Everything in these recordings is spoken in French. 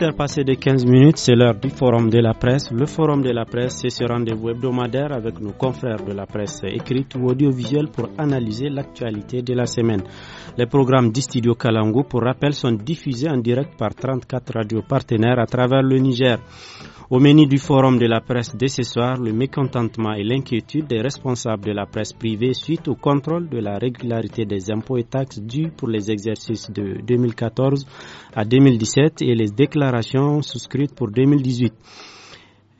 de 15 minutes, c'est l'heure du Forum de la presse. Le Forum de la presse, c'est ce rendez-vous hebdomadaire avec nos confrères de la presse écrite ou audiovisuelle pour analyser l'actualité de la semaine. Les programmes d'Istudio Kalango, pour rappel, sont diffusés en direct par 34 radios partenaires à travers le Niger. Au menu du forum de la presse de ce soir, le mécontentement et l'inquiétude des responsables de la presse privée suite au contrôle de la régularité des impôts et taxes dus pour les exercices de 2014 à 2017 et les déclarations souscrites pour 2018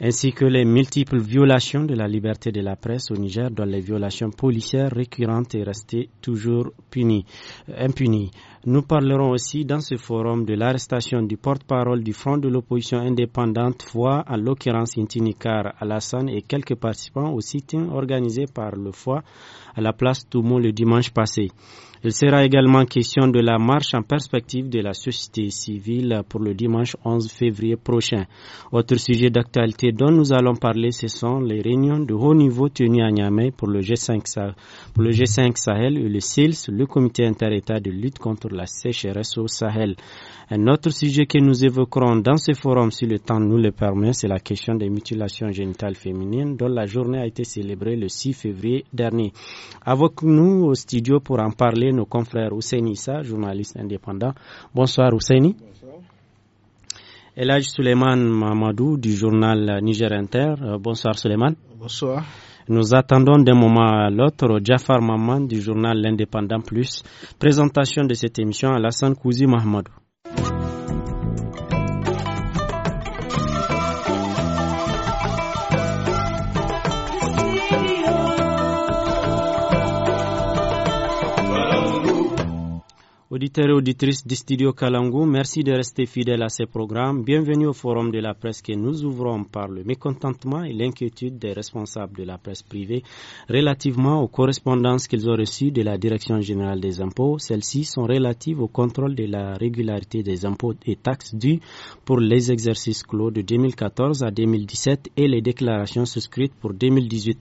ainsi que les multiples violations de la liberté de la presse au Niger, dont les violations policières récurrentes et restées toujours punies, euh, impunies. Nous parlerons aussi dans ce forum de l'arrestation du porte-parole du Front de l'opposition indépendante FOI, en l'occurrence Intinikar Alassane, et quelques participants au sit-in organisé par le FOI à la place Toumou le dimanche passé. Il sera également question de la marche en perspective de la société civile pour le dimanche 11 février prochain. Autre sujet d'actualité dont nous allons parler, ce sont les réunions de haut niveau tenues à Niamey pour le G5 Sahel, pour le G5 Sahel et le SILS, le comité interétat de lutte contre la sécheresse au Sahel. Un autre sujet que nous évoquerons dans ce forum, si le temps nous le permet, c'est la question des mutilations génitales féminines dont la journée a été célébrée le 6 février dernier. Avec nous au studio pour en parler, nos confrères Ouseni Issa, journaliste indépendant. Bonsoir Ouseni. Bonsoir. Suleiman Mamadou du journal Niger Inter. Euh, bonsoir Suleiman. Bonsoir. Nous attendons d'un moment à l'autre Jafar Maman du journal L'Indépendant Plus. Présentation de cette émission à Sainte Kouzi Mahmoud. Auditeurs et auditrices du studio Kalangou, merci de rester fidèles à ces programmes. Bienvenue au Forum de la presse que nous ouvrons par le mécontentement et l'inquiétude des responsables de la presse privée relativement aux correspondances qu'ils ont reçues de la Direction générale des impôts. Celles-ci sont relatives au contrôle de la régularité des impôts et taxes dues pour les exercices clos de 2014 à 2017 et les déclarations souscrites pour 2018.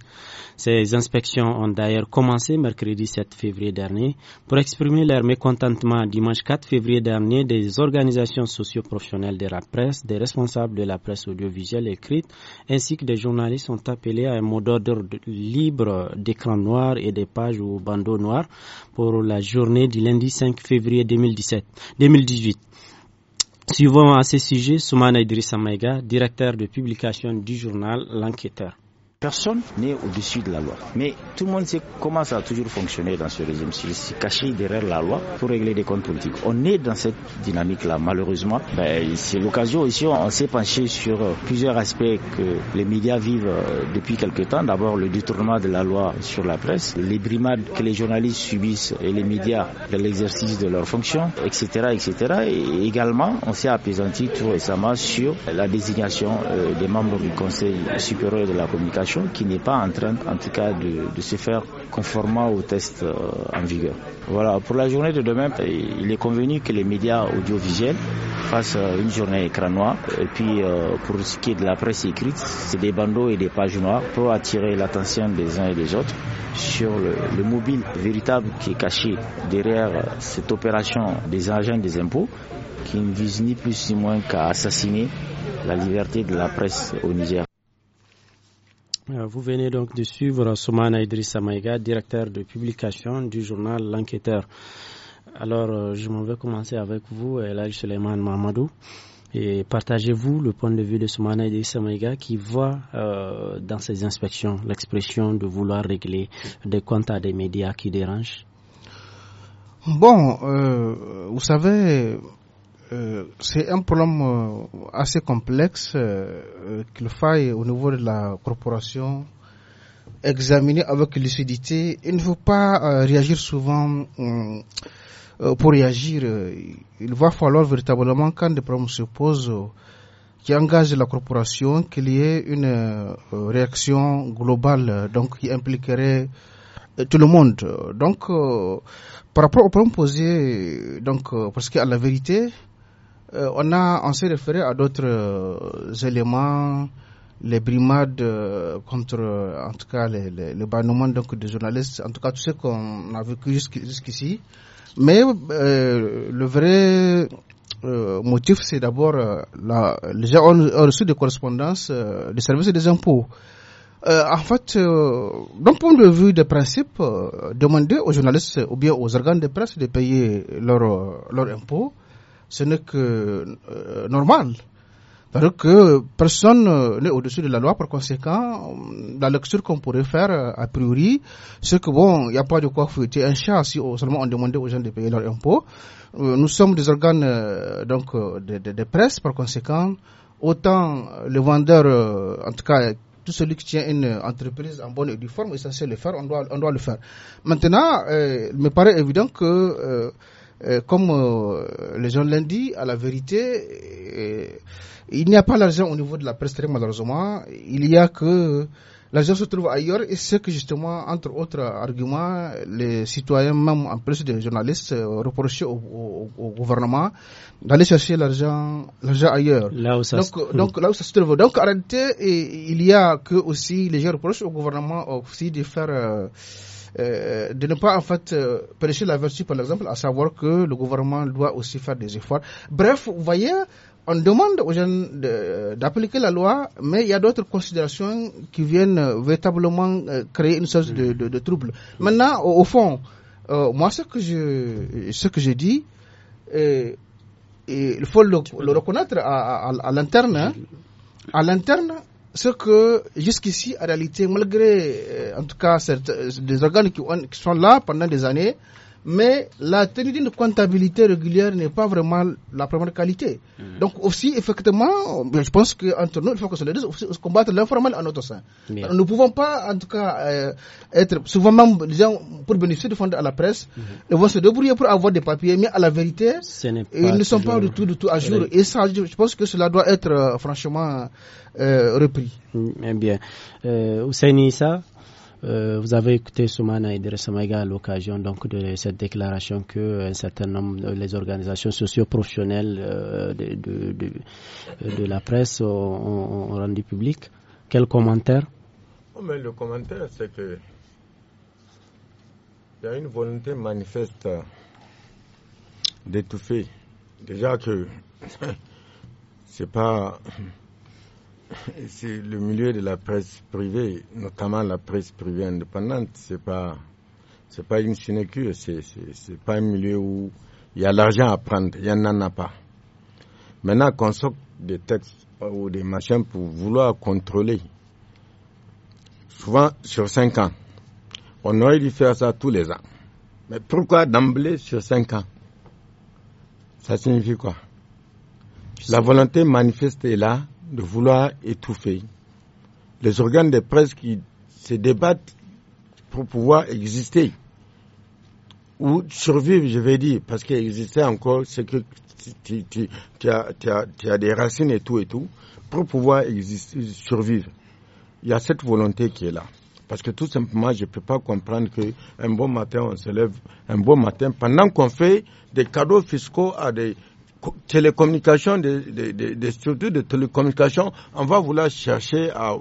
Ces inspections ont d'ailleurs commencé mercredi 7 février dernier pour exprimer leur mécontentement dimanche 4 février dernier des organisations socioprofessionnelles de la presse, des responsables de la presse audiovisuelle écrite, ainsi que des journalistes sont appelés à un mot d'ordre libre d'écran noir et des pages ou bandeaux noirs pour la journée du lundi 5 février 2017, 2018. Suivant à ce sujet, Soumana Idrissa Maïga, directeur de publication du journal L'Enquêteur. Personne n'est au-dessus de la loi. Mais tout le monde sait comment ça a toujours fonctionné dans ce régime. C'est caché derrière la loi pour régler des comptes politiques. On est dans cette dynamique-là, malheureusement. Ben, c'est l'occasion ici, on s'est penché sur euh, plusieurs aspects que les médias vivent euh, depuis quelques temps. D'abord, le détournement de la loi sur la presse, les brimades que les journalistes subissent et les médias dans l'exercice de leurs fonctions, etc., etc. Et également, on s'est apaisanti tout récemment sur la désignation euh, des membres du Conseil supérieur de la communication qui n'est pas en train, en tout cas, de, se faire conformément aux tests euh, en vigueur. Voilà, pour la journée de demain, ben, il est convenu que les médias audiovisuels fassent euh, une journée écran noir. Et puis, euh, pour ce qui est de la presse écrite, c'est des bandeaux et des pages noires pour attirer l'attention des uns et des autres sur le, mobile véritable qui est caché derrière cette opération des agents des impôts qui ne vise ni plus ni moins qu'à assassiner la liberté de la presse au Niger. Euh, vous venez donc de suivre Soumana Idrissa Samaïga, directeur de publication du journal L'Enquêteur. Alors, euh, je m'en vais commencer avec vous, Elaj Suleiman Mamadou. Et partagez-vous le point de vue de Soumana Idrissa Samaïga qui voit euh, dans ses inspections l'expression de vouloir régler des comptes à des médias qui dérangent Bon, vous savez, euh, c'est un problème euh, assez complexe euh, qu'il faille au niveau de la corporation examiner avec lucidité. Il ne faut pas réagir souvent pour réagir. Il va falloir véritablement, quand des problèmes se posent, qui engage la corporation, qu'il y ait une réaction globale, donc qui impliquerait tout le monde. Donc, par rapport au problème posé, donc, parce qu'à la vérité, euh, on, a, on s'est référé à d'autres euh, éléments, les brimades euh, contre, en tout cas, les, le bannement donc, des journalistes, en tout cas, tout ce qu'on a vécu jusqu'ici. Mais le vrai motif, c'est d'abord, les gens ont, reçu des correspondances des services et des impôts. en fait, d'un point de vue des principes, demander aux journalistes ou bien aux organes de presse de payer leurs leur impôts, ce n'est que euh, normal. parce que personne n'est au-dessus de la loi, par conséquent, la lecture qu'on pourrait faire, euh, a priori, c'est que bon, il n'y a pas de quoi fouetter un chat si oh, seulement on demandait aux gens de payer leurs impôts. Euh, nous sommes des organes, donc, de, presse, par conséquent, autant le vendeur, en tout cas, tout celui qui tient une entreprise en bonne et due forme est censé le faire, on doit, on doit le faire. Maintenant, il me paraît évident que euh, comme euh, les gens l'ont dit, à la vérité, euh, il n'y a pas l'argent au niveau de la presse très malheureusement. Il y a que l'argent se trouve ailleurs et c'est que justement, entre autres arguments, les citoyens, même en plus des journalistes, reprochaient au, gouvernement d'aller chercher l'argent, l'argent ailleurs. Là donc, donc, là où ça se trouve. Donc en réalité, il y a que aussi les gens reprochent au gouvernement aussi de faire euh, de ne pas en fait euh, prêcher la vertu, par exemple, à savoir que le gouvernement doit aussi faire des efforts. Bref, vous voyez, on demande aux jeunes d'appliquer la loi, mais il y a d'autres considérations qui viennent euh, véritablement créer une sorte de, trouble. Maintenant, au, fond, moi, ce que je, ce que dit dis, il faut le, reconnaître à, à, à l'interne. Hein. À l'interne, ce que jusqu'ici, en réalité, malgré euh, en tout cas certains des organes qui, sont là pendant des années, mais la tenue de comptabilité régulière n'est pas vraiment la première qualité. Mmh. Donc aussi, effectivement, je pense qu'entre nous, il faut que se le combattre l'informel en notre sein. Nous ne pouvons pas, en tout cas, euh, être souvent même, disons, pour bénéficier de fonds à la presse, mmh. ils se débrouiller pour avoir des papiers, mais à la vérité, ils ne sont pas du tout, du tout à jour. Et ça, je pense que cela doit être, euh, franchement, euh, repris repris. Mmh, eh bien. Euh, ça. Issa euh, vous avez écouté Soumana Idriss Samaïga à l'occasion donc de cette déclaration que euh, un certain nombre euh, les organisations socio-professionnelles de, la presse ont, rendu public. Quel commentaire oh, Le commentaire, c'est que il y a une volonté manifeste d'étouffer. Déjà que c'est pas c'est le milieu de la presse privée, notamment la presse privée indépendante. C'est pas, c'est pas une sinecure. C'est, pas un milieu où il y a l'argent à prendre. Il n'y en a pas. Maintenant qu'on sort des textes ou des machins pour vouloir contrôler, souvent sur 5 ans, on aurait dû faire ça tous les ans. Mais pourquoi d'emblée sur 5 ans Ça signifie quoi La volonté manifeste est là, de vouloir étouffer les organes de presse qui se débattent pour pouvoir exister ou survivre, je vais dire, parce qu'exister encore, c'est que tu, as, des racines et tout et tout, pour pouvoir exister, survivre. Il y a cette volonté qui est là. Parce que tout simplement, je ne peux pas comprendre qu'un bon matin, on se lève, un bon matin, pendant qu'on fait des cadeaux fiscaux à des, télécommunications, des, structures de télécommunications, on va vouloir chercher à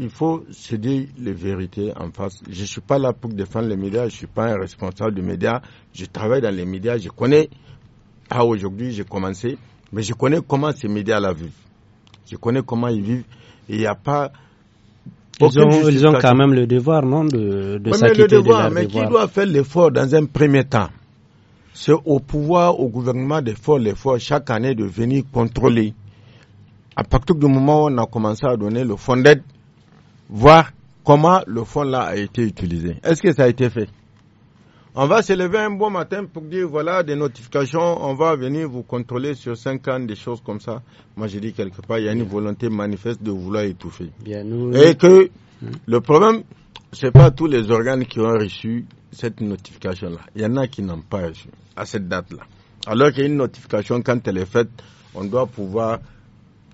Il faut se dire les vérités en face. Je suis pas là pour défendre les médias, je suis pas un responsable des médias. Je travaille dans les médias, je connais, À aujourd'hui, j'ai commencé, mais je connais comment ces médias la vivent. Je connais comment ils vivent. Il n'y a pas. Ils ont, ils ont, quand même le devoir, non, de, de s'acquitter de leur Mais qui doit faire l'effort dans un premier temps c'est au pouvoir, au gouvernement les fois chaque année de venir contrôler. À partir du moment où on a commencé à donner le fonds d'aide, voir comment le fonds-là a été utilisé. Est-ce que ça a été fait On va se lever un bon matin pour dire, voilà, des notifications, on va venir vous contrôler sur cinq ans, des choses comme ça. Moi, je dis quelque part, il y a une volonté manifeste de vouloir étouffer. Bien, nous... Et que hmm. le problème, n'est pas tous les organes qui ont reçu cette notification-là. Il y en a qui n'ont pas reçu à cette date-là. Alors une notification, quand elle est faite, on doit pouvoir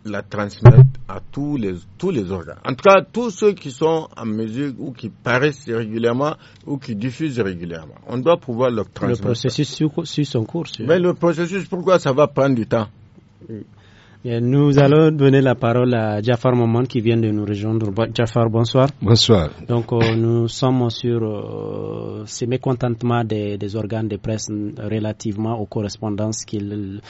la transmettre à tous les, tous les organes. En tout cas, tous ceux qui sont en mesure ou qui paraissent régulièrement ou qui diffusent régulièrement. On doit pouvoir leur transmettre. Le processus suit son cours. Mais le processus, pourquoi ça va prendre du temps nous allons donner la parole à Jafar Maman qui vient de nous rejoindre. Jafar, bonsoir. Bonsoir. Donc, euh, nous sommes sur euh, ces mécontentements des, organes de presse relativement aux correspondances qu'ils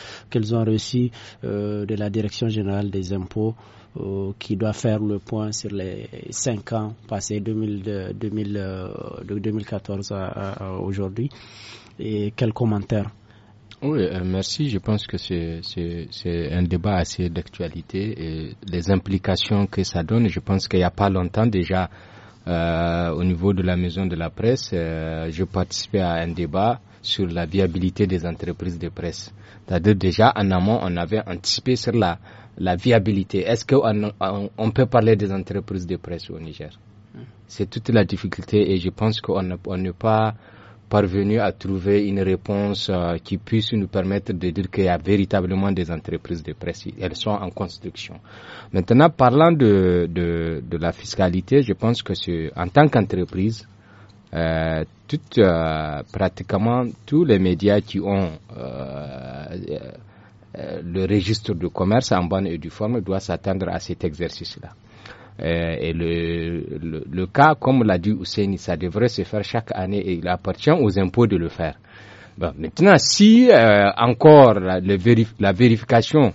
ont reçues euh, de la Direction générale des impôts euh, qui doit faire le point sur les cinq ans passés de 2014 à, aujourd'hui. Et quels commentaires oui, euh, merci. Je pense que c'est un débat assez d'actualité et les implications que ça donne. Je pense qu'il n'y a pas longtemps déjà, euh, au niveau de la maison de la presse, euh, je participais à un débat sur la viabilité des entreprises de presse. C'est-à-dire déjà en amont, on avait anticipé sur la, la viabilité. Est-ce qu'on on, peut parler des entreprises de presse au Niger hum. C'est toute la difficulté et je pense qu'on on n'est pas parvenu à trouver une réponse euh, qui puisse nous permettre de dire qu'il y a véritablement des entreprises de presse. Elles sont en construction. Maintenant, parlant de, la fiscalité, je pense que en tant qu'entreprise, euh, euh, pratiquement tous les médias qui ont le registre de commerce en bonne et due forme doivent s'attendre à cet exercice-là. Euh, et le, le, le, cas, comme l'a dit Ousseini, ça devrait se faire chaque année et il appartient aux impôts de le faire. Bon, maintenant, si euh, encore la, vérification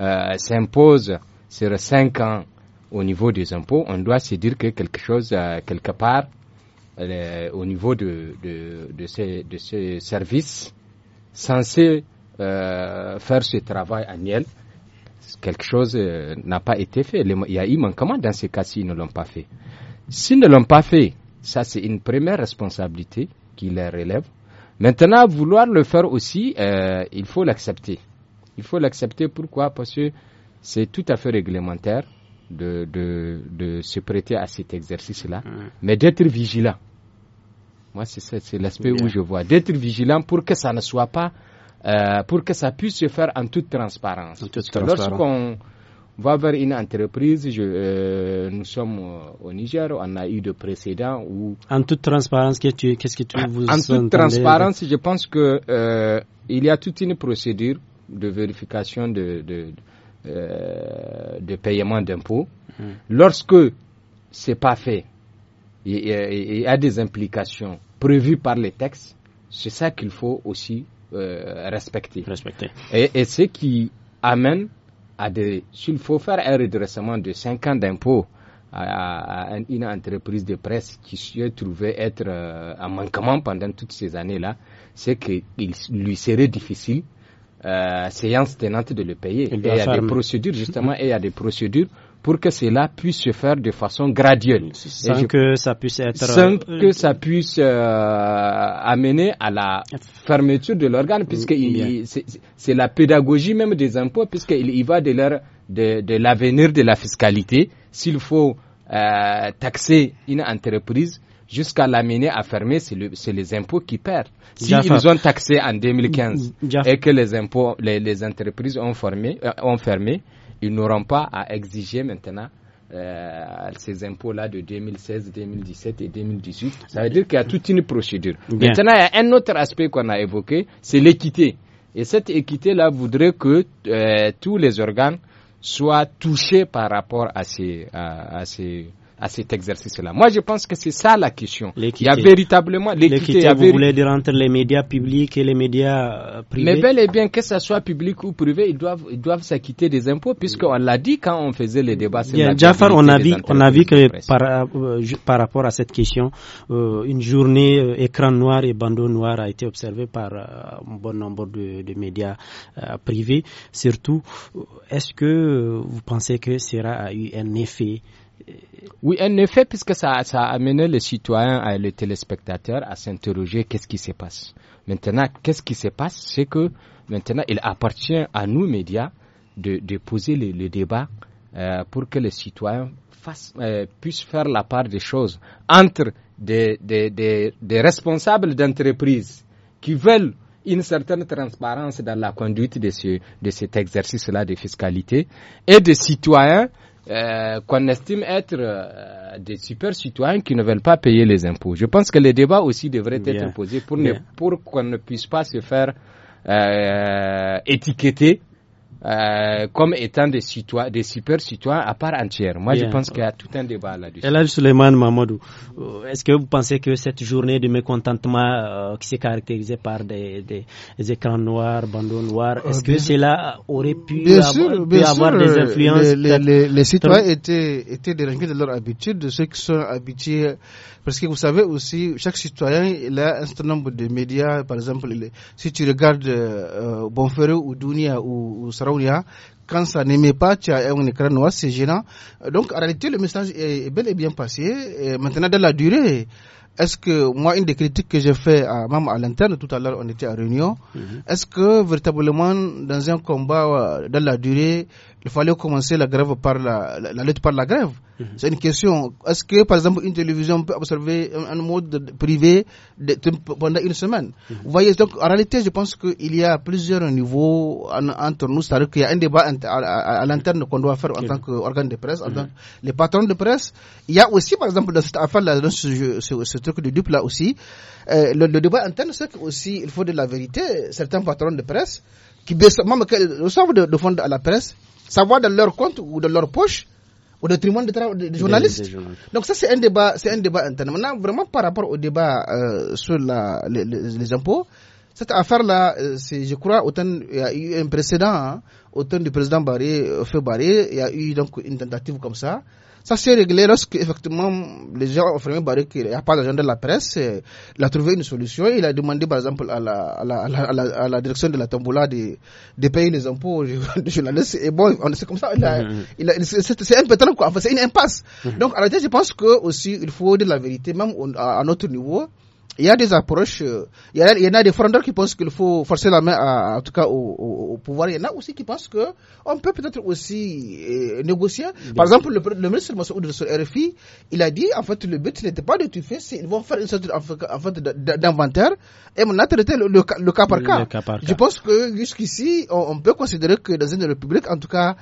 euh, s'impose sur cinq ans au niveau des impôts, on doit se dire que quelque chose, quelque part, au niveau de, de, de, ces, de ces services censés faire ce travail annuel, quelque chose euh, n'a pas été fait. Il y a eu manquement dans ces cas-ci, ils ne l'ont pas fait. S'ils ne l'ont pas fait, ça c'est une première responsabilité qui les relève. Maintenant, vouloir le faire aussi, euh, il faut l'accepter. Il faut l'accepter pourquoi Parce que c'est tout à fait réglementaire de, de, se prêter à cet exercice-là, mais d'être vigilant. Moi, c'est l'aspect où je vois. D'être vigilant pour que ça ne soit pas euh, pour que ça puisse se faire en toute transparence. transparence. Lorsqu'on va vers une entreprise, je, euh, nous sommes au Niger, on a eu de précédents où... En toute transparence, qu'est-ce que tu vous En toute transparence, je pense que euh, il y a toute une procédure de vérification de, de, euh, de paiement d'impôts. Hmm. Lorsque c'est pas fait, il y a des implications prévues par les textes. C'est ça qu'il faut aussi euh, respecter Et, ce qui amène à des... S'il faut faire un redressement de 5 ans d'impôts à, une entreprise de presse qui se trouvait être euh, en manquement pendant toutes ces années-là, c'est qu'il lui serait difficile euh, séance tenante de le payer. il y a des procédures, justement, et il y a des procédures pour que cela puisse se faire de façon graduelle. Sans que ça puisse être... Sans euh, que euh, ça puisse euh, amener à la fermeture de l'organe, puisque c'est la pédagogie même des impôts, puisqu'il il va de l'avenir de, de la fiscalité. S'il faut euh, taxer une entreprise, jusqu'à l'amener à fermer, c'est les impôts qui perdent. S'ils si ont taxé en 2015 et que les impôts, les, entreprises ont, formé, euh, ont fermé, ils n'auront pas à exiger maintenant euh, ces impôts-là de 2016, 2017 et 2018. Ça veut dire qu'il y a toute une procédure. Maintenant, il y a un autre aspect qu'on a évoqué, c'est l'équité. Et cette équité-là voudrait que euh, tous les organes soient touchés par rapport à ces, à ces à cet exercice-là. Moi, je pense que c'est ça la question. Il y a véritablement l'équité. Vous voulez dire entre les médias publics et les médias euh, privés Mais bel et bien, que ce soit public ou privé, ils doivent, ils doivent s'acquitter des impôts, puisqu'on l'a dit quand on faisait les débats. Jafar, on a, vu, on a vu que par, euh, par, rapport à cette question, euh, une journée écran noir et bandeau noir a été observée par un bon nombre de, de médias privés. Surtout, est-ce que vous pensez que cela a eu un effet oui, en effet, puisque ça, ça a amené les citoyens, et les téléspectateurs à s'interroger qu'est-ce qui se passe. Maintenant, qu'est-ce qui se passe C'est que maintenant, il appartient à nous, médias, de, de poser le, débat euh, pour que les citoyens fassent, euh, puissent faire la part des choses entre des, des, des, responsables d'entreprises qui veulent une certaine transparence dans la conduite de, ce, de cet exercice-là de fiscalité et des citoyens euh, qu'on estime être euh, des super citoyens qui ne veulent pas payer les impôts. Je pense que les débats aussi devraient être posés pour, pour qu'on ne puisse pas se faire euh, étiqueter euh, comme étant des, citoyens, des super citoyens à part entière. Moi, je pense qu'il y a tout un débat là-dessus. Suleiman Mamadou, euh, est-ce que vous pensez que cette journée de mécontentement euh, qui s'est caractérisée par des, des, écrans noirs, bandeaux noirs, est-ce que cela aurait pu, avoir, des influences Les, citoyens étaient, étaient dérangés de leur habitude, de ceux qui sont habitués, parce que vous savez aussi, chaque citoyen, il a un certain nombre de médias, par exemple, si tu regardes euh, ou Dunia ou, ou quand ça n'aimait pas, un écran noir, c'est gênant. Donc, en réalité, le message est bel et bien passé. maintenant, dans la durée, est-ce que, moi, une des critiques que j'ai fait à, même à l'interne, tout à l'heure, on était à réunion, mhm. est-ce que, véritablement, dans un combat, euh, dans la durée, il fallait commencer la grève par la, la, lutte par la grève. Mhm. C'est une question. Est-ce que, par exemple, une télévision peut observer un, mode privé pendant une semaine mhm. Vous voyez, donc en réalité, je pense qu'il y a plusieurs niveaux entre nous. C'est-à-dire qu'il y a un débat à, l'interne qu'on doit faire en tant qu'organe de presse, en mhm. tant que les patrons de presse. Il y a aussi, par exemple, dans cette affaire-là, dans ce, truc de dupe-là aussi, euh, le, débat interne, c'est aussi il faut de la vérité. Certains patrons de presse qui, même, qu'ils de, de fond à la presse, savoir dans leur compte ou dans leur poche au détriment des, journalistes. Donc ça c'est un débat, c'est un débat interne. Maintenant vraiment par rapport au débat euh, sur la, les, impôts, cette affaire là, euh, c'est je crois autant il y a eu un précédent, hein, autant du président Barré, euh, feu Barré, il y a eu donc une tentative comme ça. Ça s'est réglé lorsque, effectivement, les gens ont fait Barré qu'il n'y a pas d'agent de la presse. Il a trouvé une solution. Il a demandé, par exemple, à la, direction de la tamboula de, payer les impôts aux journalistes. Et bon, c'est comme ça. Mm-hmm. c'est un peu quoi. c'est une impasse. Mm-hmm. Donc, la réalité, je pense que aussi, il faut dire la vérité, même à notre niveau il y a des approches, euh, il y, en a des frondeurs qui pensent qu'il faut forcer la main, en tout cas au, pouvoir. Il y en a aussi qui pensent que on peut peut-être aussi euh, négocier. Par exemple, le, le ministre de la RFI, il a dit en fait le but n'était pas de c'est ils vont faire une sorte d'inventaire et on a traité le, cas par cas. Je pense que jusqu'ici, on, peut considérer que dans une république, en tout cas,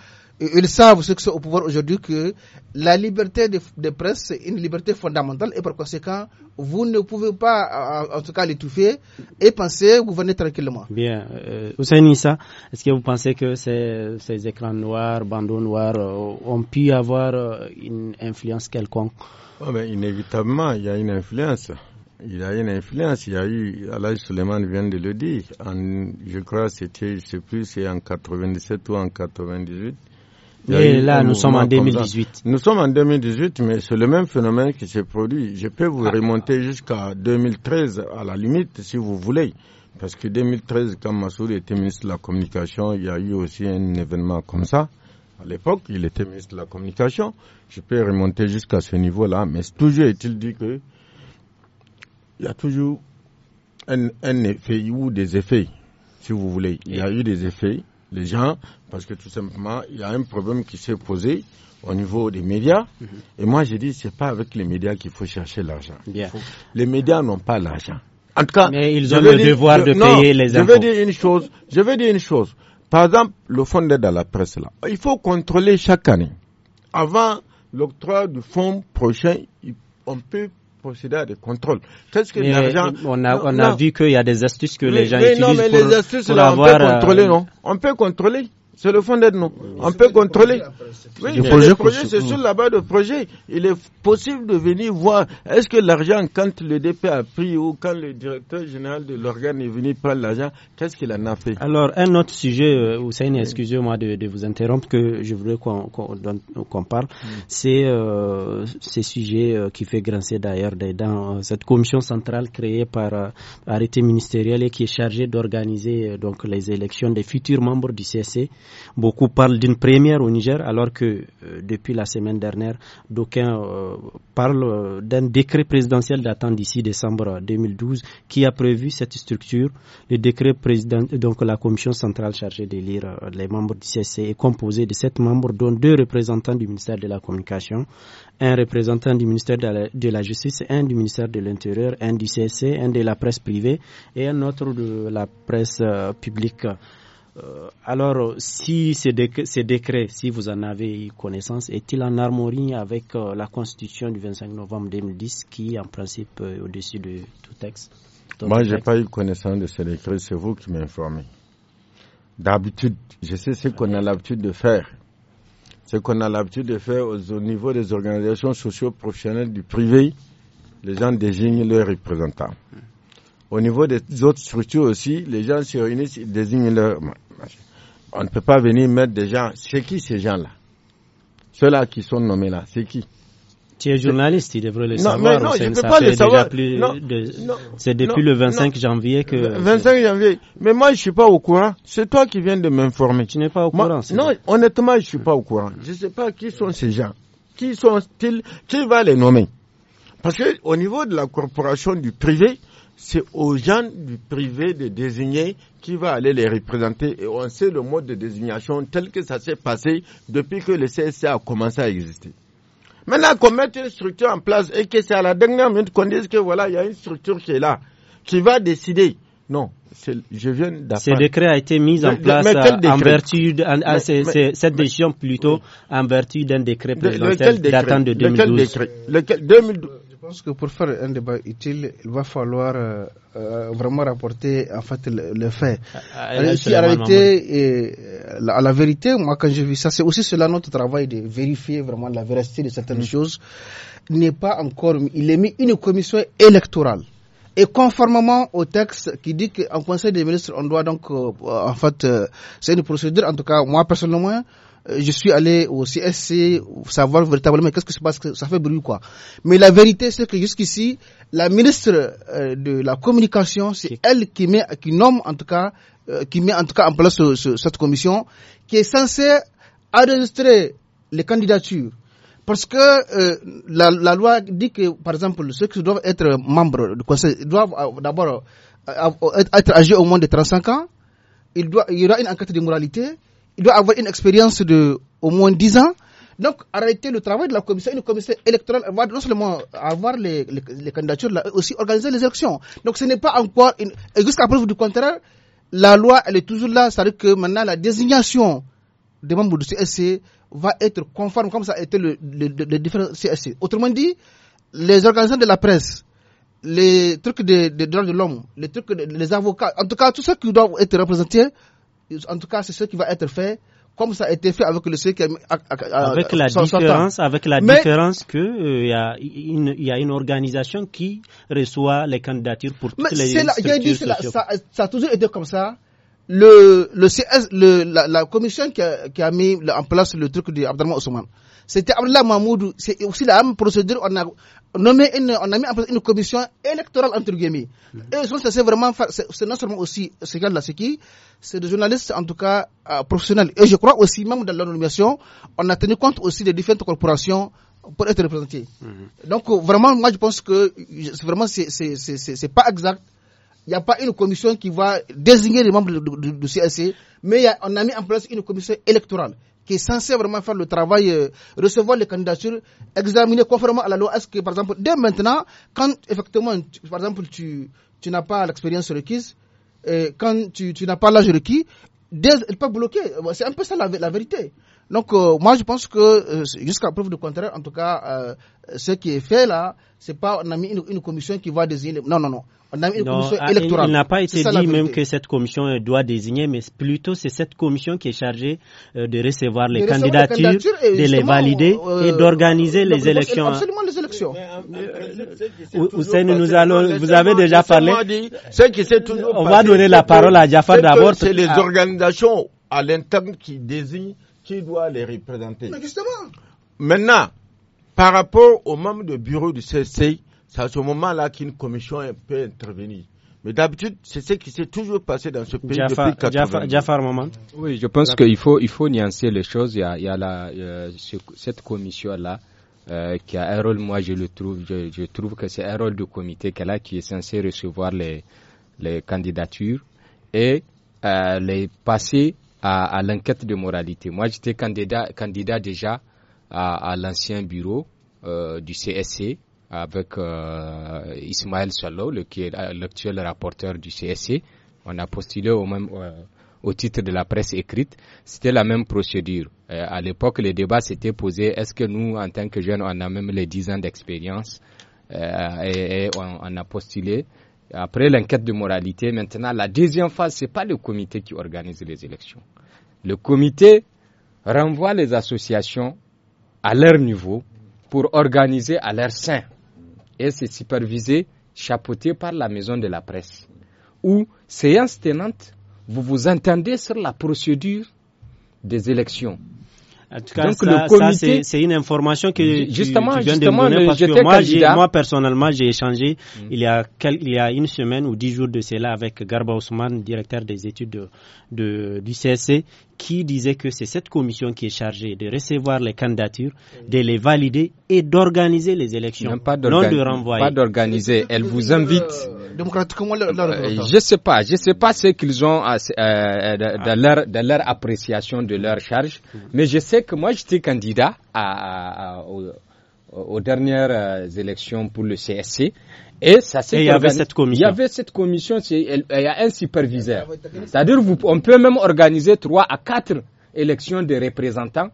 ils savent ceux qui sont au pouvoir aujourd'hui que la liberté de, presse est une liberté fondamentale et par conséquent, vous ne pouvez pas, en, tout cas, l'étouffer et penser venez tranquillement. Bien. Euh, est-ce que vous pensez que ces, écrans noirs, bandeaux noirs euh, ont pu avoir euh, une influence quelconque Inévitablement, il y a une influence. Il y a une influence, il y a eu, Alain Suleiman vient de le dire, je crois c'était, je sais plus, c'est en 97 ou en 98, et là, nous sommes en 2018. Nous sommes en 2018, mais c'est le même phénomène qui s'est produit. Je peux vous ah. remonter jusqu'à 2013, à la limite, si vous voulez. Parce que 2013, quand Massoud était ministre de la Communication, il y a eu aussi un événement comme ça. À l'époque, il était ministre de la Communication. Je peux remonter jusqu'à ce niveau-là, mais toujours est-il dit que il y a toujours un effet ou des effets, si vous voulez. Il y a eu des effets les gens, parce que tout simplement, il y a un problème qui s'est posé au niveau des médias. Mhm. Et moi, j'ai dit, n'est pas avec les médias qu'il faut chercher l'argent. Les médias n'ont pas l'argent. En tout cas, mais ils ont le devoir de payer les impôts. Je veux dire une chose. Par exemple, le fonds d'aide à la presse il faut contrôler chaque année. Avant l'octroi du fonds prochain, on peut procéder à des contrôles. Qu'est-ce que l'argent On a, on a vu qu'il y a des astuces que les gens utilisent pour, pour avoir... On peut euh, contrôler, non On peut contrôler. C'est le fond d'aide, non On peut contrôler. Oui, le projet, c'est sur la base de projet. Il est possible de venir voir est-ce que l'argent, quand le DP a pris ou quand le directeur général de l'organe est venu prendre l'argent, qu'est-ce qu'il en a fait Alors, un autre sujet, euh, Hussein, excusez-moi de, vous interrompre, que je voudrais qu'on parle, mm. c'est euh, ce sujet euh, qui fait grincer d'ailleurs dans cette commission centrale créée par arrêté ministériel et qui est chargée d'organiser donc les élections des futurs membres du CSC. Beaucoup parlent d'une première au Niger, alors que euh, depuis la semaine dernière, d'aucuns euh, parlent euh, d'un décret présidentiel datant d'ici décembre 2012 qui a prévu cette structure. Le décret président, donc la commission centrale chargée de lire les membres du CSC est composée de sept membres, dont deux représentants du ministère de la Communication, un représentant du ministère de la, Justice, un du ministère de l'Intérieur, un du CSC, un de la presse privée et un autre de la presse publique. Euh, alors, si ces, décrets, si vous en avez eu connaissance, est-il en harmonie avec euh, la Constitution du 25 novembre 2010 qui, en principe, est euh, au-dessus de tout texte Moi, je n'ai pas eu connaissance de ces décrets, c'est vous qui m'informez. D'habitude, je sais ce qu'on a l'habitude de faire. Ce qu'on a l'habitude de faire au, niveau des organisations socio-professionnelles du privé, les gens désignent leurs représentants. Au niveau des autres structures aussi, les gens se réunissent, ils désignent leur. On ne peut pas venir mettre des gens. C'est qui ces gens-là Ceux-là qui sont nommés là, c'est qui tu es journaliste, il devrait le non, savoir. Non, je ne peux pas le savoir. C'est depuis le 25 janvier que. 25 janvier. Mais moi, je ne suis pas au courant. C'est toi qui viens de m'informer. Tu n'es pas au courant. non, honnêtement, je ne suis pas au courant. Je ne sais pas qui sont ces gens. Qui sont-ils Qui va les nommer Parce que au niveau de la corporation du privé, c'est aux gens du privé de désigner qui va aller les représenter. Et on sait le mode de désignation tel que ça s'est passé depuis que le CSA a commencé à exister. Maintenant qu'on mette une structure en place et que c'est à la dernière minute qu'on dise que voilà, il y a une structure qui est là, qui va décider. Non, je viens d'apprendre. Ce décret a été mis en place en vertu, de, ah, cette décision plutôt en vertu d'un décret présidentiel datant de 2012. Lequel décret je pense que pour faire un débat utile, il va falloir euh, euh, vraiment rapporter en fait le, fait. Ah, ah, à, à euh, la vérité, moi quand j'ai vu ça, c'est aussi cela notre travail de vérifier vraiment la vérité de certaines mm. choses. N'est pas encore, il est mis une commission électorale. Et conformément au texte qui dit qu'en Conseil des ministres, on doit donc, en fait, euh, c'est une procédure, en tout cas, moi personnellement, euh, je suis allé au CSC savoir véritablement qu'est-ce qui se passe, ça fait bruit quoi. Mais la vérité, c'est que jusqu'ici, la ministre euh, de la communication, c'est elle qui met, qui nomme en tout cas, euh, qui met en tout cas en place cette commission, qui est censée enregistrer les candidatures. Parce que la, loi dit que, par exemple, ceux qui doivent être membres du conseil doivent d'abord être âgés au moins de 35 ans. Il, il y aura une enquête de moralité il doit avoir une expérience de au moins 10 ans. Donc, arrêter le travail de la commission, une commission électorale, va non seulement avoir les, candidatures, mais aussi organiser les élections. Donc, ce n'est pas encore une. Jusqu'à preuve du contraire, la loi, elle est toujours là. C'est-à-dire que maintenant, la désignation des membres du CSC va être conforme comme ça a été le, les différents CSC. Autrement dit, les organisations de la presse, les trucs des de, droits de, l'homme, les trucs les avocats, en tout cas, tout ceux qui doivent être représentés en tout cas, c'est ce qui va être fait comme ça a été fait avec le CS. Euh, euh, avec la différence, avec la différence que il euh, y, a une organisation qui reçoit les candidatures pour toutes les structures ça, a toujours été comme ça. Le, CS, la, commission qui a, mis en place le truc d'Abdelman Ousmane, c'était Abdullah Mahmoud, C'est aussi la même procédure. On a, nommé une, on a mis en place une commission électorale, entre guillemets. Mm-hmm. Et je pense c'est vraiment, c'est non seulement aussi ce c'est qui C'est des journalistes, en tout cas, euh, professionnels. Et je crois aussi, même dans leur on a tenu compte aussi des différentes corporations pour être représentés. Mm-hmm. Donc, vraiment, moi, je pense que vraiment, c'est pas exact il n'y a pas une commission qui va désigner les membres du, CSC, mais on a mis en place une commission électorale qui est censé vraiment faire le travail, euh, recevoir les candidatures, examiner conformément à la loi. Est-ce que, par exemple, dès maintenant, quand effectivement, par exemple, tu, tu n'as pas l'expérience requise, quand tu, tu n'as pas l'âge requis, dès, elle peut bloquer. C'est un peu ça la, la vérité. Donc, euh, moi, je pense que, euh, jusqu'à preuve du contraire, en tout cas, euh, ce qui est fait là, c'est pas on a mis une, commission qui va désigner. Non, non, non. On a mis une commission ah, électorale. Il n'a pas été dit même que cette commission doit désigner, mais plutôt c'est cette commission qui est chargée de recevoir les, candidatures, de les valider et d'organiser les élections. Absolument nous allons. Vous avez déjà parlé. on va donner la parole à Jafar d'abord. C'est les ah. organisations à l'interne qui désignent doit les représenter. justement. Maintenant, par rapport aux membres du bureau du CCI, c'est à ce moment-là qu'une commission peut intervenir. Mais d'habitude, c'est ce qui s'est toujours passé dans ce pays Jaffa, depuis Oui, je pense qu'il faut, il faut nuancer les choses. Il y a, euh, cette commission-là euh, qui a un rôle, moi je le trouve, je, trouve que c'est un rôle de comité qu'elle qui est censé recevoir les, candidatures et euh, les passer à, l'enquête de moralité. Moi, j'étais candidat, candidat déjà à, l'ancien bureau euh, du CSC avec euh, Ismaël Salou, le, qui est l'actuel rapporteur du CSC. On a postulé au même euh, au titre de la presse écrite. C'était la même procédure. Euh, à l'époque, les débats s'étaient posés. est-ce que nous, en tant que jeunes, on a même les 10 ans d'expérience et, et on, on, a postulé après l'enquête de moralité, maintenant, la deuxième phase, c'est pas le comité qui organise les élections. Le comité renvoie les associations à leur niveau pour organiser à leur sein et c'est supervisé, chapeauté par la maison de la presse. Ou, séance tenante, vous vous entendez sur la procédure des élections. En tout cas, Donc, ça, comité... c'est une information que justement, tu, viens de donner parce que moi, personnellement, j'ai échangé mm. il, y a il y a une semaine ou dix jours de cela avec Garba Ousmane, directeur des études de, du CSC, qui disait que c'est cette commission qui est chargée de recevoir les candidatures, mm. de les valider et d'organiser les élections, non, pas de renvoyer. Pas d'organiser. Elle vous invite. Euh, euh, je sais pas, je sais pas ce qu'ils ont euh, euh dans, ah. leur, appréciation de leur charge, mm. mais je sais que moi, j'étais candidat aux, dernières euh, élections pour le CSC. Et ça s'est il y avait cette commission. Il y avait cette commission, il y a un superviseur. C'est-à-dire, on peut même organiser trois à quatre élections de représentants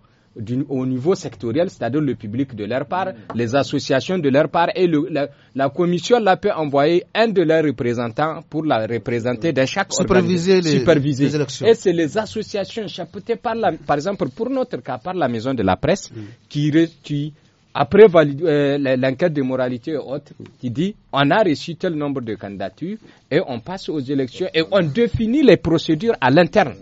au niveau sectoriel, c'est-à-dire le public de leur part, les associations de leur part, et la, la, commission la peut envoyer un de leurs représentants pour la représenter dans chaque superviser les, superviser les élections. Et c'est les associations chapeautées par la, par exemple, pour notre cas, par la maison de la presse, qui, qui après euh, l'enquête de moralité et autres, qui dit on a reçu tel nombre de candidatures et on passe aux élections et on définit les procédures à l'interne,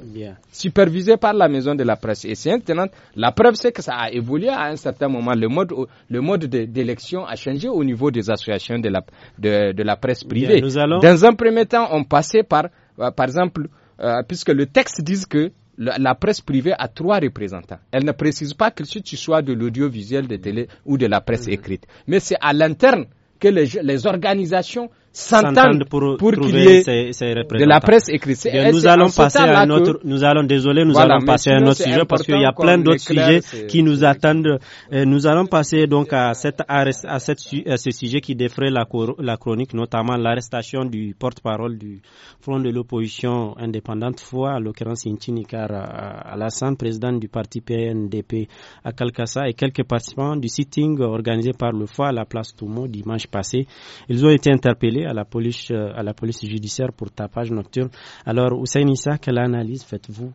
supervisées par la maison de la presse. Et c'est maintenant, la preuve c'est que ça a évolué à un certain moment. Le mode, le mode d'élection a changé au niveau des associations de la, de, la presse privée. Dans un premier temps, on passait par, euh, par exemple, euh, puisque le texte dit que la, presse privée a trois représentants. Elle ne précise pas que ce soit de l'audiovisuel, de télé ou de la presse mhm. écrite. Mais c'est à l'interne que les, les organisations s'entendent pour, pour de la presse écrite. nous allons passer à notre, nous allons, désolé, nous allons passer à autre sujet parce qu'il y a plein d'autres sujets qui nous attendent. Euh, nous allons passer donc à cette, à, cette, ce sujet qui défrait la, chronique, notamment l'arrestation du porte-parole du Front de l'opposition indépendante fois, à l'occurrence Intini euh, Alassane, président du parti PNDP à Calcassa et quelques participants du sitting organisé par le FOI à la place Toumo dimanche passé. Ils ont été interpellés à la police, euh, à la police judiciaire pour tapage nocturne. Alors, Hussein Issa, quelle analyse faites-vous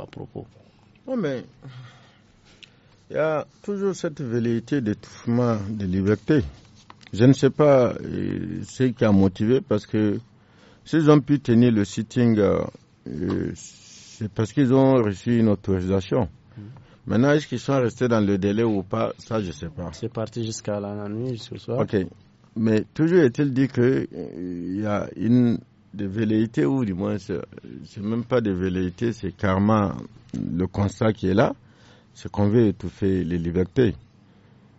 à propos oh, mais il y a toujours cette velléité d'étouffement de liberté. Je ne sais pas euh, ce qui a motivé parce que s'ils ont pu tenir le sitting, euh, c'est parce qu'ils ont reçu une autorisation. Hmm. Maintenant, est-ce qu'ils sont restés dans le délai ou pas Ça, je ne sais pas. C'est parti jusqu'à la nuit, ce soir. Ok. Mais toujours est-il dit qu'il euh, il y a une velléité ou du moins, c'est même pas de velléités, c'est karma, le constat qui est là, c'est qu'on veut étouffer les libertés.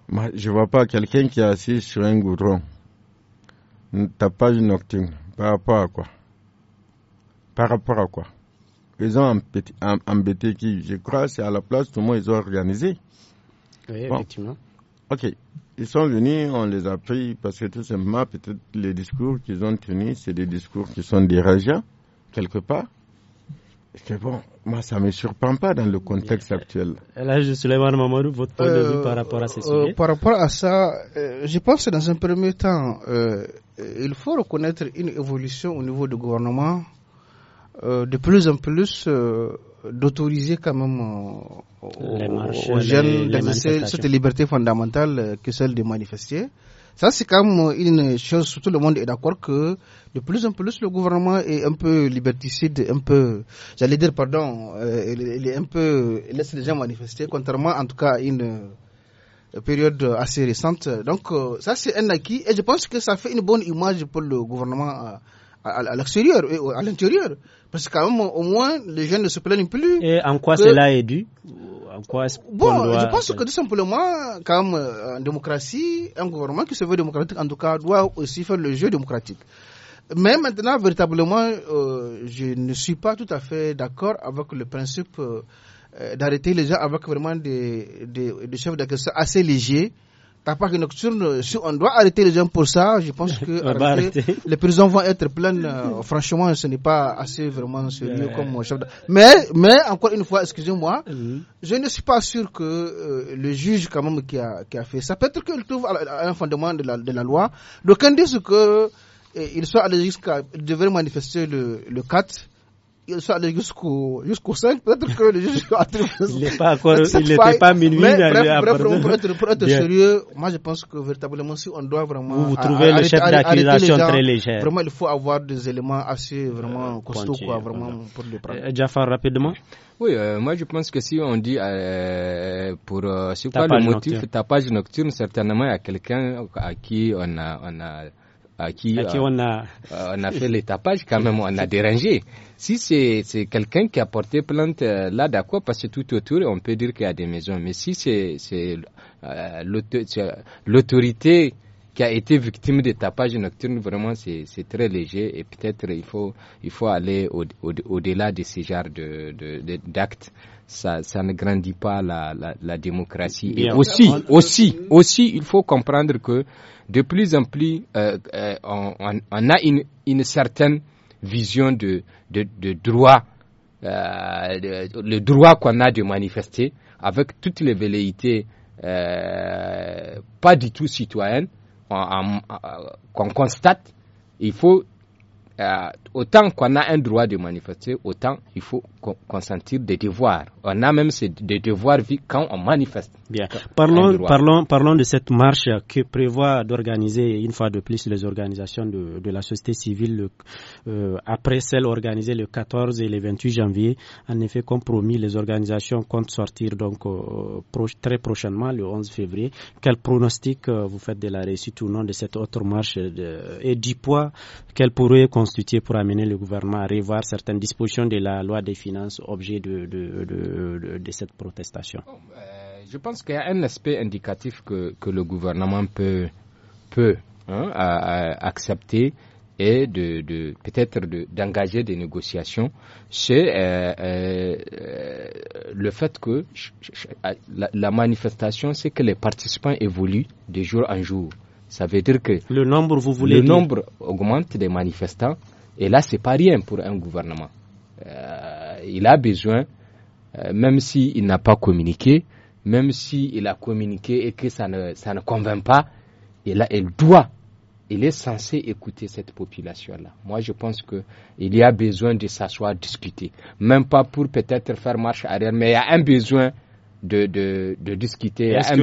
Moi, je vois pas quelqu'un qui est assis sur un goudron. T'as pas une nocturne. Par rapport à quoi Par rapport à quoi Ils ont embêté, qui Je crois c'est à la place, tout le monde, ils ont organisé. Oui, effectivement. Ok. Ils sont venus, on les a pris parce que tout simplement, peut-être les discours qu'ils ont tenus, c'est des discours qui sont dirigeants, quelque part. C'est bon, moi ça ne me surprend pas dans le contexte actuel. Là, je suis votre point de vue euh, par rapport à ces euh, Par rapport à ça, euh, je pense que dans un premier temps, il faut reconnaître une évolution au niveau du gouvernement. de plus en plus, d'autoriser quand même euh, aux, marches, jeunes cette liberté fondamentale euh, que celle de manifester. Ça, c'est quand même une chose, tout le monde est d'accord que de plus en plus le gouvernement est un peu liberticide, un peu, j'allais dire, pardon, euh, il, est un peu, il laisse les gens manifester, contrairement en tout cas à une période assez récente. Donc, ça, c'est un acquis et je pense que ça fait une bonne image pour le gouvernement à, à l'extérieur, à l'intérieur. Parce qu'au au moins, les jeunes ne se plaignent plus. Et en quoi cela est dû en quoi Bon, je pense que tout simplement, quand même, euh, en démocratie, un gouvernement qui se veut démocratique, en tout cas, doit aussi faire le jeu démocratique. Mais maintenant, véritablement, euh, je ne suis pas tout à fait d'accord avec le principe euh, d'arrêter les gens avec vraiment des, des, des chefs d'accusation assez légers la nocturne, si on doit arrêter les gens pour ça, je pense que les prisons vont être pleines. Euh, franchement, ce n'est pas assez vraiment sérieux comme chef Mais, mais encore une fois, excusez-moi, mm. je ne suis pas sûr que euh, le juge quand même qui a, fait ça, peut-être qu'il trouve un fondement de la, loi. Donc, on dit que euh, il soit allé jusqu'à devrait manifester le, le 4 il soit allé jusqu'au 5, peut-être que le juge Il n'était pas, minuit. Mais bref, pour, être, être sérieux, moi je pense que véritablement, si on doit vraiment. Vous, trouvez le chef d'accusation très léger. Vraiment, il faut avoir des éléments assez vraiment euh, costauds, quoi, vraiment, pour le prendre. Euh, Jafar, rapidement. Oui, euh, moi je pense que si on dit euh, pour c'est quoi le motif tapage nocturne, certainement il y a quelqu'un à qui on a, on a à qui, on, a... on a fait les tapages quand même, on a dérangé. Si c'est quelqu'un qui a porté plainte, euh, là d'accord, parce que tout autour, on peut dire qu'il y a des maisons. Mais si c'est euh, l'autorité qui a été victime de tapage nocturne, vraiment, c'est très léger et peut-être il faut, il faut aller au-delà au, de ce genre d'actes. De, ça, ça ne grandit pas la, la, démocratie. Et aussi, aussi, aussi, il faut comprendre que de plus en plus, euh, on, on, a une, une certaine vision de, de, droit, euh, le droit qu'on a de manifester avec toutes les velléités euh, pas du tout citoyennes euh, qu'on constate. Il faut, autant qu'on a un droit de manifester, autant il faut consentir des devoirs. On a même des devoirs quand on manifeste. Parlons, parlons, parlons de cette marche que prévoit d'organiser une fois de plus les organisations de, la société civile euh, après celle organisée le 14 et le 28 janvier. En effet, comme promis, les organisations comptent sortir donc euh, très prochainement, le 11 février. Quel pronostic euh, vous faites de la réussite ou non de cette autre marche et du poids qu'elle pourrait constituer pour amener le gouvernement à revoir certaines dispositions de la loi des finances objet de, de, cette protestation? Ben, je pense qu'il y a un aspect indicatif que, le gouvernement peut, hein, accepter et de, peut-être d'engager des négociations, c'est euh, euh, le fait que la, manifestation, c'est que les participants évoluent de jour en jour. Ça veut dire que le nombre, vous voulez le nombre augmente des manifestants, et là, c'est pas rien pour un gouvernement. Euh, il a besoin, même s'il n'a pas communiqué, même si il a communiqué et que ça ne, ça ne convainc pas, et là, il doit, il est censé écouter cette population-là. Moi, je pense qu'il y a besoin de s'asseoir, discuter. Même pas pour peut-être faire marche arrière, mais il y a un besoin de, discuter, est ce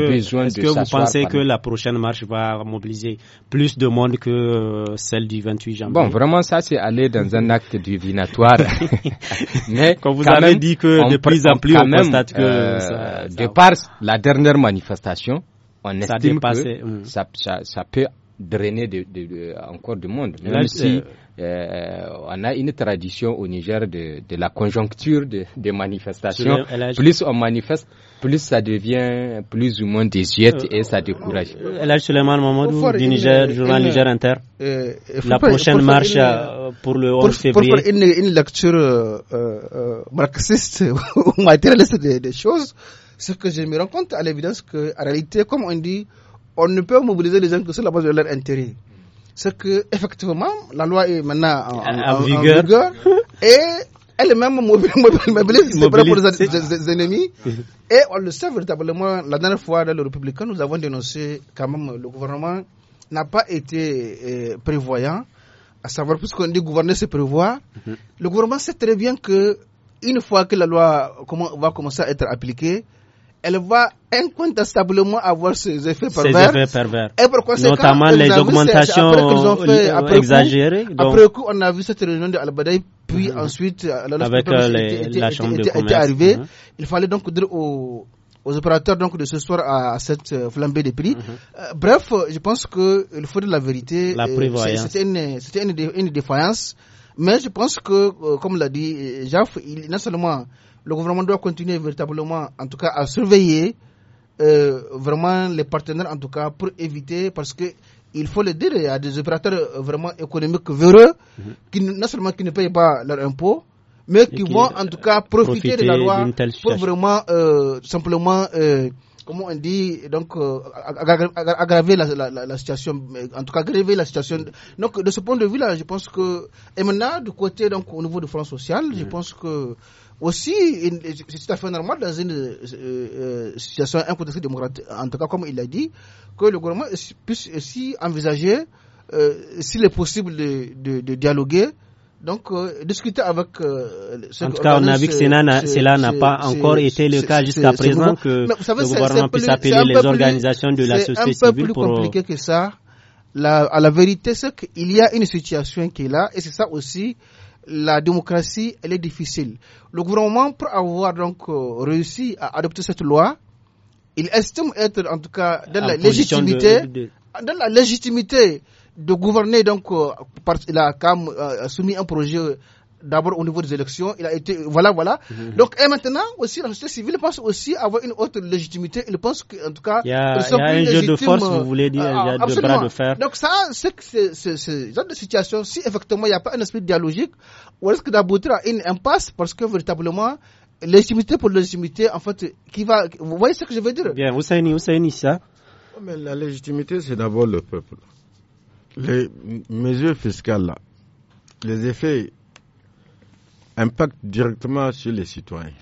que vous pensez que la prochaine marche va mobiliser plus de monde que euh, celle du 28 janvier Bon, vraiment, ça, c'est aller dans un acte divinatoire. Mais quand vous avez dit que de plus en plus, on même, constate que... Euh, de par la dernière manifestation, on ça estime que hum. ça, peut drainer de, de, encore du monde. Même si euh, on a une tradition au Niger de, la conjoncture de, des manifestations. Plus on manifeste, plus ça devient plus ou moins désuète euh, et ça décourage. seulement Suleiman Mamadou du Niger, journal Niger Inter. Euh, la prochaine marche pour le 11 février. Pour une, lecture marxiste ou matérialiste des choses, ce que je me rends compte à l'évidence qu'en réalité, comme on dit, on ne peut mobiliser les gens que sur la base de leur intérêt c'est que effectivement la loi est maintenant en, vigueur. et elle-même mobilise, ses ennemis. Et on le sait véritablement, la dernière fois dans le Républicain, nous avons dénoncé quand même le gouvernement n'a pas été euh, prévoyant, à savoir puisqu'on dit gouverner c'est prévoir. Mhm. Le gouvernement sait très bien que une fois que la loi va commencer à être appliquée, elle va incontestablement avoir ses effets pervers. Ces effets pervers. Et par conséquent, Notamment les augmentations euh, exagérées. Après coup, on a vu cette réunion de al puis mhm. ensuite, euh, euh, la avec la Chambre de Arrivée. Mhm. Il fallait donc dire aux, opérateurs donc de ce soir à, cette flambée des prix. Mhm. bref, je pense qu'il faut de la vérité. La prévoyance. C'était une, une, défaillance. Mais je pense que, comme l'a dit Jaff, il, non seulement le gouvernement doit continuer véritablement, en tout cas, à surveiller euh, vraiment les partenaires, en tout cas, pour éviter, parce que il faut le dire, il y a des opérateurs euh, vraiment économiques véreux mhm. qui non seulement qui ne payent pas leurs impôts, mais qui, vont en tout cas profiter, de la loi pour vraiment euh, simplement comment on dit donc aggraver la, situation en tout cas aggraver la situation mhm. donc de ce point de vue là je pense que et maintenant du côté donc au niveau du front social je mhm. pense que aussi, c'est tout à fait normal dans une euh, euh situation, un démocratique, en tout cas comme il l'a dit, que le gouvernement puisse aussi envisager, euh, s'il est possible de, de, dialoguer, donc, euh, discuter avec. Euh, en tout cas, on a vu que cela n'a pas encore été le cas jusqu'à présent que le gouvernement puisse appeler les organisations de la société civile. C'est un peu plus compliqué que ça. La, à la vérité, c'est qu'il y a une situation qui est là, et c'est ça aussi la démocratie, elle est difficile. Le gouvernement, pour avoir donc euh, réussi à adopter cette loi, il estime être en tout cas dans la légitimité, de, dans la légitimité de gouverner donc euh, par, la a euh, soumis un projet d'abord au niveau des élections, il a été, voilà, voilà. Mhm. Donc, et maintenant, aussi, la société civile pense aussi avoir une haute légitimité. Il pense qu'en tout cas, il y a, un jeu de force, vous voulez dire, il y a bras de fer. Donc, ça, c'est ce genre de situation, si effectivement il n'y a pas un esprit dialogique, est-ce que d'aboutir à une impasse parce que véritablement, légitimité pour légitimité, en fait, qui va, vous voyez ce que je veux dire? Bien, vous ça. Mais la légitimité, c'est d'abord le peuple. Les mesures fiscales, là, les effets impact directement sur les citoyens.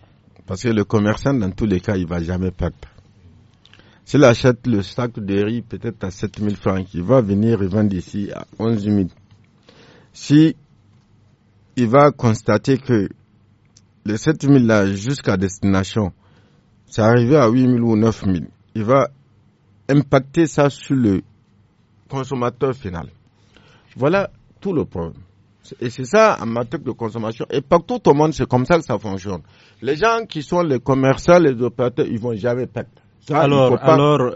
Parce que le commerçant, dans tous les cas, il ne va jamais perdre. S'il achète le sac de riz peut-être à sept francs, il va venir revendre vendre ici à 11 000. Si il va constater que les 7 000 là jusqu'à destination, c'est arrivé à 8 000 ou 9 000, il va impacter ça sur le consommateur final. Voilà tout le problème. Et c'est ça en matière de consommation. Et tout au monde, c'est comme ça que ça fonctionne. Les gens qui sont les commerçants, les opérateurs, ils vont jamais perdre. alors,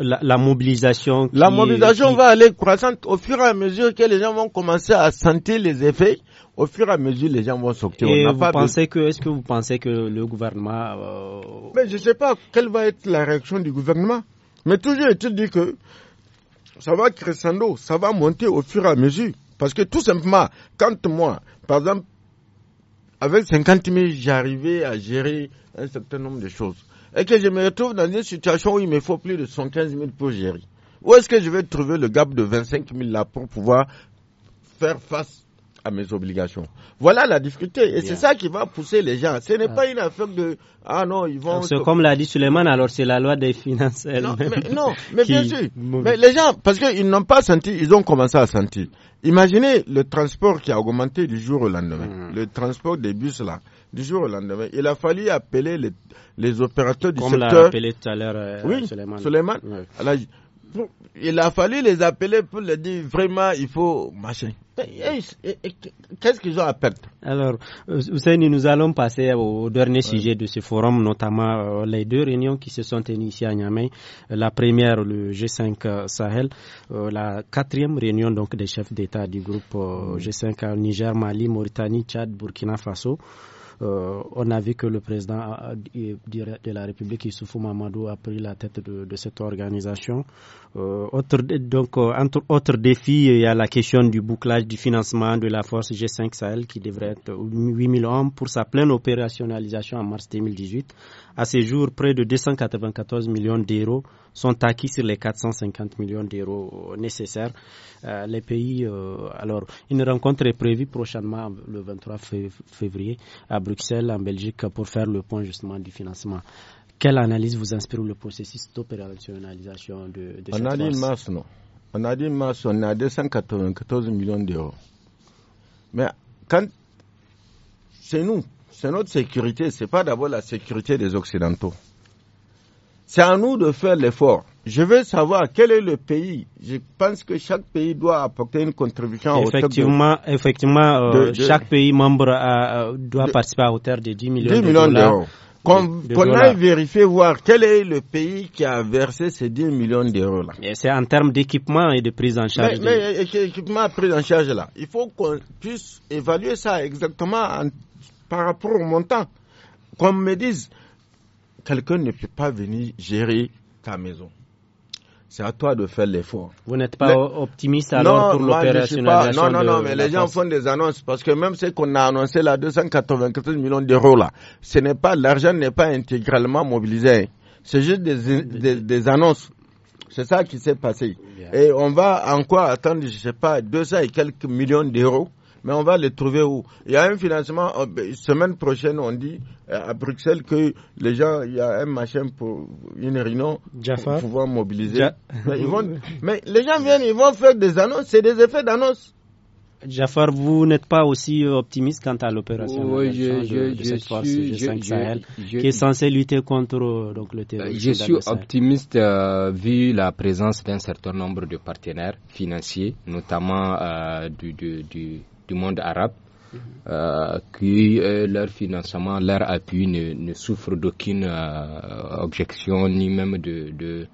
la, mobilisation. La mobilisation va aller croissante au fur et à mesure que les gens vont commencer à sentir les effets. Au fur et à mesure, les gens vont sortir. est-ce que vous pensez que le gouvernement euh, Mais je sais pas quelle va être la réaction du gouvernement. Mais toujours, tu dis que ça va crescendo, ça va monter au fur et à mesure. Parce que tout simplement, quand moi, par exemple, avec 50 000, j'arrivais à gérer un certain nombre de choses. Et que je me retrouve dans une situation où il me faut plus de 115 000 pour gérer. Où est-ce que je vais trouver le gap de 25 000 là pour pouvoir faire face à mes obligations. Voilà la difficulté. Et c'est ça qui va pousser les gens. Ce n'est ah. pas une affaire de Ah non, ils vont. C'est comme l'a dit Suleiman, alors c'est la loi des finances Non, mais, bien sûr. Mais les gens, parce qu'ils n'ont pas senti, ils ont commencé à sentir. Imaginez le transport qui a augmenté du jour au lendemain. Hmm. Le transport des bus là, du jour au lendemain. Il a fallu appeler les, les opérateurs du comme secteur. Comme l'a appelé tout à l'heure euh, oui, Suleiman il a fallu les appeler pour leur dire vraiment il faut machin. Qu'est-ce qu'ils ont à perdre Alors, euh, savez, nous allons passer au dernier sujet de ce forum, notamment euh, les deux réunions qui se sont tenues ici à Niamey. Euh, la première, le G5 Sahel, la quatrième réunion donc des chefs d'État du groupe mm. G5 Niger, Mali, Mauritanie, Tchad, Burkina Faso. Euh, on a vu que le président de la République, Issoufou Mamadou, a pris la tête de, cette organisation. Euh, autre, donc, euh, entre autres défis, il y a la question du bouclage du financement de la force G5 Sahel qui devrait être 8000 hommes pour sa pleine opérationnalisation en mars 2018. À ce jour, près de 294 millions d'euros sont acquis sur les 450 millions d'euros nécessaires. Euh, les pays, euh, alors, une rencontre est prévue prochainement le 23 février à Bruxelles, en Belgique, pour faire le point justement du financement. Quelle analyse vous inspire le processus d'opérationnalisation de, de on a dit mars, On a dit mars, on a 294 millions d'euros. Mais quand c'est nous, c'est notre sécurité, ce n'est pas d'abord la sécurité des Occidentaux. C'est à nous de faire l'effort. Je veux savoir quel est le pays. Je pense que chaque pays doit apporter une contribution. Effectivement, effectivement, euh, chaque pays membre euh, euh, doit participer à hauteur de 10 millions, 10 millions d'euros. Qu'on aille vérifier, voir quel est le pays qui a versé ces 10 millions d'euros là. C'est en termes d'équipement et de prise en charge. Mais, équipement, prise en charge là. Il faut qu'on puisse évaluer ça exactement par rapport au montant. Comme me disent quelqu'un ne peut pas venir gérer ta maison. C'est à toi de faire l'effort. Vous n'êtes pas optimiste alors non, pour l'opérationnalisation Non, non, non, mais les gens font des annonces parce que même ce qu'on a annoncé là, 294 millions d'euros là, ce n'est pas, l'argent n'est pas intégralement mobilisé. C'est juste des, annonces. C'est ça qui s'est passé. Et on va encore attendre, je sais pas, 200 et quelques millions d'euros mais on va les trouver où Il y a un financement, oh, ben, semaine prochaine, on dit euh, à Bruxelles que les gens, il y a un machin pour une réunion pour pouvoir mobiliser. Mais, les gens viennent, ils vont faire des annonces, c'est des effets d'annonces. Jafar, vous n'êtes pas aussi optimiste quant à l'opération de, cette force suis, qui est censée lutter contre donc, le euh, terrorisme. Je suis optimiste euh, vu la présence d'un certain nombre de partenaires financiers, notamment du, du du monde arabe, euh, qui euh, leur financement, leur appui ne, souffre d'aucune euh, objection ni même de,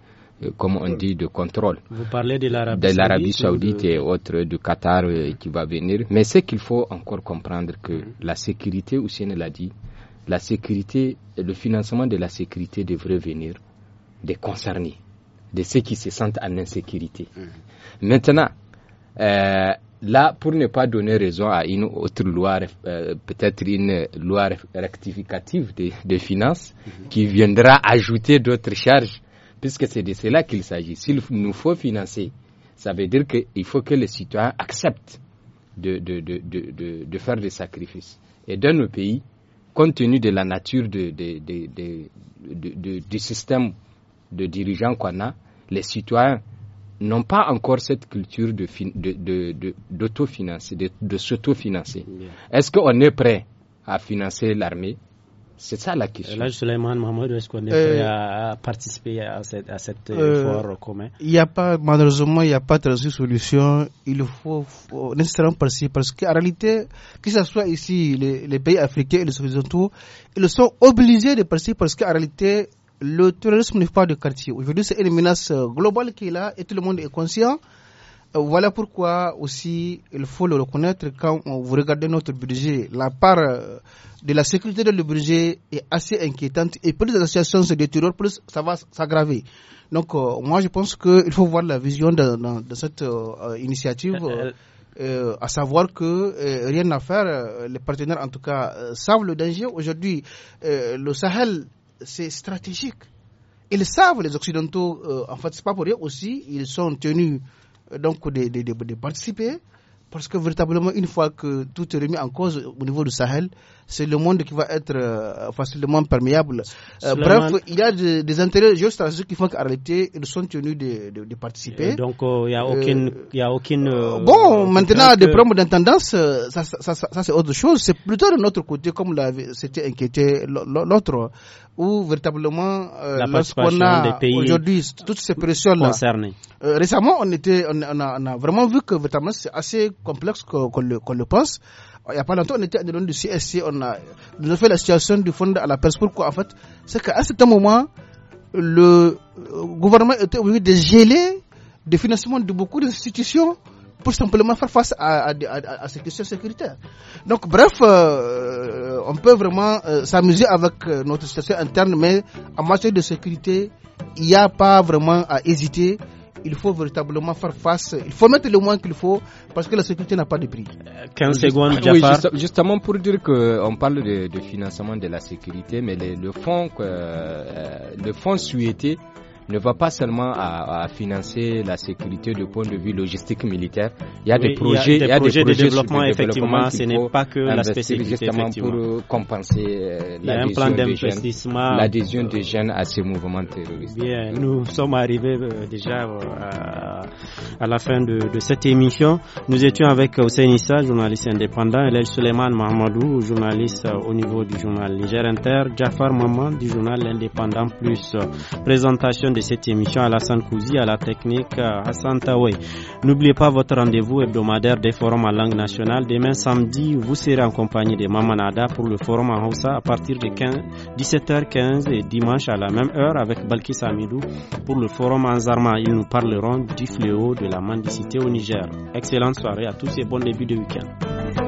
comme on dit, de contrôle. Vous parlez de l'Arabie saoudite, et autres, du Qatar qui va venir. Mais c'est qu'il faut encore comprendre, que mhm. la sécurité, elle l'a dit, la sécurité, le financement de la sécurité devrait venir des concernés, de ceux qui se sentent en insécurité. Mhm. Maintenant, là, pour ne pas donner raison à une autre loi, euh, peut-être une loi rectificative des, finances mhm. qui viendra ajouter d'autres charges, puisque c'est de cela qu'il s'agit. S'il nous faut financer, ça veut dire qu'il faut que les citoyens acceptent de, de, de, de, faire des sacrifices. Et dans nos pays, compte tenu de la nature du système de dirigeants qu'on a, les citoyens n'ont pas encore cette culture d'autofinancer, de, de, de, de s'autofinancer. Est-ce qu'on est prêt à financer l'armée c'est ça la euh, question. Là, est-ce qu'on est euh, prêt à participer à cette, à cette euh, foire commune Il n'y a pas, malheureusement, il n'y a pas de solution. Il faut, faut nécessairement partir. parce qu'en réalité, que ce soit ici, les, pays africains et les occidentaux, ils sont obligés de participer parce qu'en réalité, le terrorisme n'est pas de quartier. Aujourd'hui, c'est une menace euh, globale qui est là et tout le monde est conscient. Euh, voilà pourquoi aussi il faut le reconnaître quand vous regardez notre budget. La part euh, de la sécurité de le budget est assez inquiétante et plus les associations se détériore, plus ça va s'aggraver. Donc moi je pense qu'il faut voir la vision de, cette initiative. à savoir que rien à faire. les partenaires, en tout cas, savent le danger. Aujourd'hui, le Sahel c'est stratégique. Ils savent, les Occidentaux, euh, en fait, c'est pas pour eux aussi, ils sont tenus euh, donc de participer parce que véritablement, une fois que tout est remis en cause au niveau du Sahel, c'est le monde qui va être euh, facilement perméable. Euh, bref, il y a des intérêts géostratégiques qui font qu'en réalité, ils sont tenus de, de, participer. donc, euh, il n'y a aucune. Y a aucune bon, maintenant, des problèmes d'intendance, ça, ça, ça, c'est autre chose. C'est plutôt de notre côté, comme c'était inquiété l'autre, où véritablement, lorsqu'on a aujourd'hui toutes ces pressions-là. Récemment, on, était, on, a, on a vraiment vu que véritablement, c'est assez complexe qu'on le, pense. Il n'y a pas longtemps, on était à de du CSC, on a, a fait la situation du Fonds à la presse. Pourquoi En fait, c'est qu'à un moment, le euh, gouvernement était obligé de geler des financements de beaucoup d'institutions pour simplement faire face à, ces questions sécuritaires. Donc, bref, euh, euh, on peut vraiment s'amuser avec notre situation interne, mais en matière de sécurité, il n'y a pas vraiment à hésiter il faut véritablement faire face. Il faut mettre le moins qu'il faut parce que la sécurité n'a pas de prix. 15 euh, secondes, justement pour dire qu'on parle de, financement de la sécurité, mais le fonds, euh, le fonds souhaité ne va pas seulement à, financer la sécurité du point de vue logistique militaire. Il y a des projets, il y a des, projets, de développement, effectivement. ce n'est pas que la spécificité, pour compenser euh, l'adhésion des jeunes, des jeunes à ces mouvements terroristes. Bien, nous sommes arrivés euh, déjà euh, à, la fin de, cette émission. Nous étions avec Ossé Issa, journaliste indépendant, Lel Suleiman Mahmoudou, journaliste au niveau du journal Niger Inter, Jafar Maman du journal Indépendant Plus, présentation de cette émission à la Sankouzi, à la technique euh, Hassan Tawé. N'oubliez pas votre rendez-vous hebdomadaire des forums en langue nationale. Demain samedi, vous serez en compagnie de Mamanada pour le forum en Hausa à partir de 17h15 et dimanche à la même heure avec Balkis Amidou pour le forum en Zarma. Ils nous parleront du fléau de la mendicité au Niger. Excellente soirée à tous et bon début de week-end.